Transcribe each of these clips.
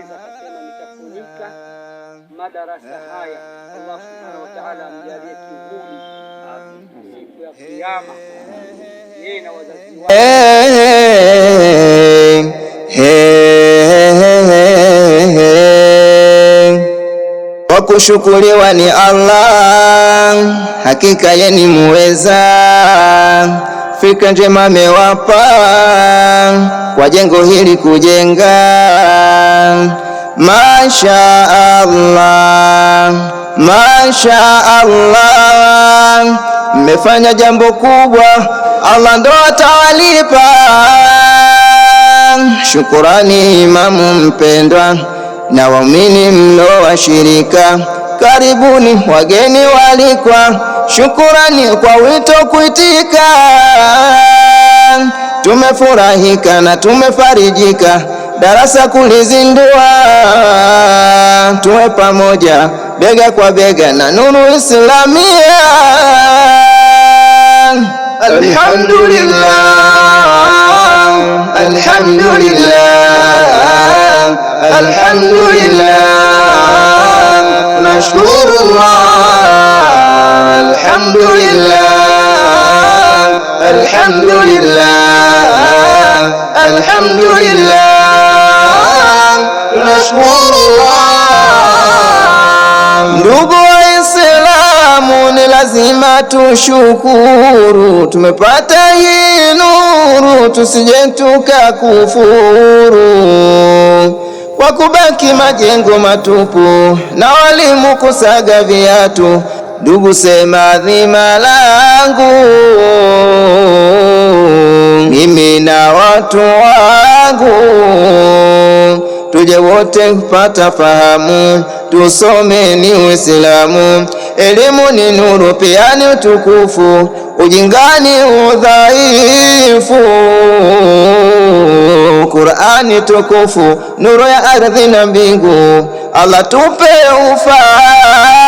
akaeleza akasema, nitafunika madarasa haya. Allah subhanahu wa ta'ala amjalie kivuli siku ya Kiyama yeye na wazazi wake. kushukuriwa ni Allah, hakika yeye ni muweza Afrika njema amewapa kwa jengo hili kujenga. Masha Allah, Masha Allah, mmefanya jambo kubwa, Allah ndo atawalipa. Shukurani imamu mpendwa na waumini mlowashirika karibuni wageni walikwa, shukurani kwa wito kuitika, tumefurahika na tumefarijika, darasa kulizindua, tuwe pamoja bega kwa bega na Nuru Islamia. Alhamdulillah, alhamdulillah, alhamdulillah Alhamdulillah, tunashukuru. Ndugu Waislamu, ni lazima tushukuru, tumepata hii nuru, tusije tukakufuru kwa kubaki majengo matupu na walimu kusaga viatu. Ndugu, sema dhima langu watu wangu, tuje wote kupata fahamu, ni Uislamu. Elimu ni nuru, pia ni utukufu, ujingani udhaifu. Qur'ani tukufu, nuru ya ardhi na mbingu, Allah tupe ufahamu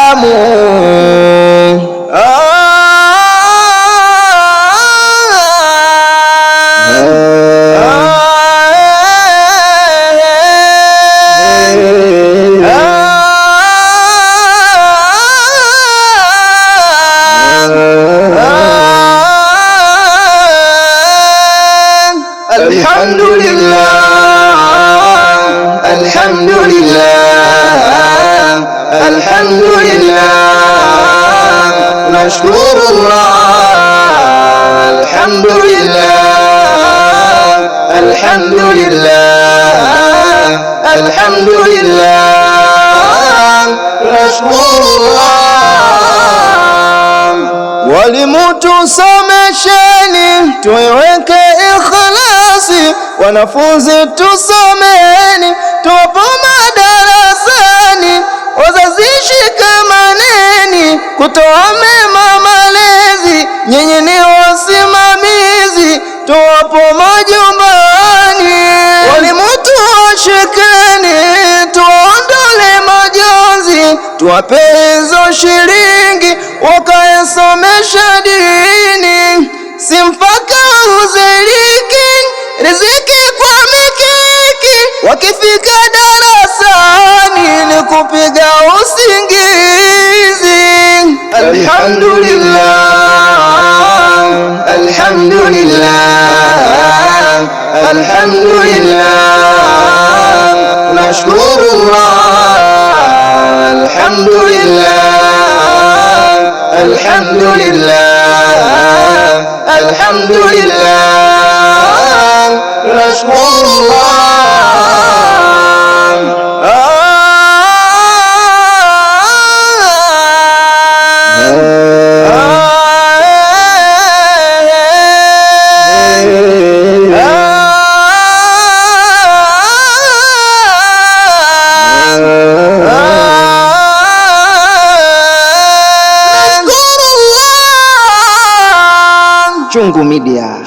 الحمد لله الحمد لله الحمد لله نشكر الله الحمد لله الحمد لله الحمد لله نشكر الله ولمتصمشني تويوك إخلاص basi wanafunzi, tusomeni tupo madarasani, wazazi shikamaneni, kutoa mema malezi, nyinyi ni wasimamizi, tuwapo majumbani, walimu tuwashikeni, tuwaondole majonzi, tuwape hizo shilingi, wakaesomesha dini simfa wakifika darasani ni kupiga usingizi. Alhamdulillah, alhamdulillah, alhamdulillah, Allah, alhamdulillah, alhamdulillah, alhamdulillah, Allah media.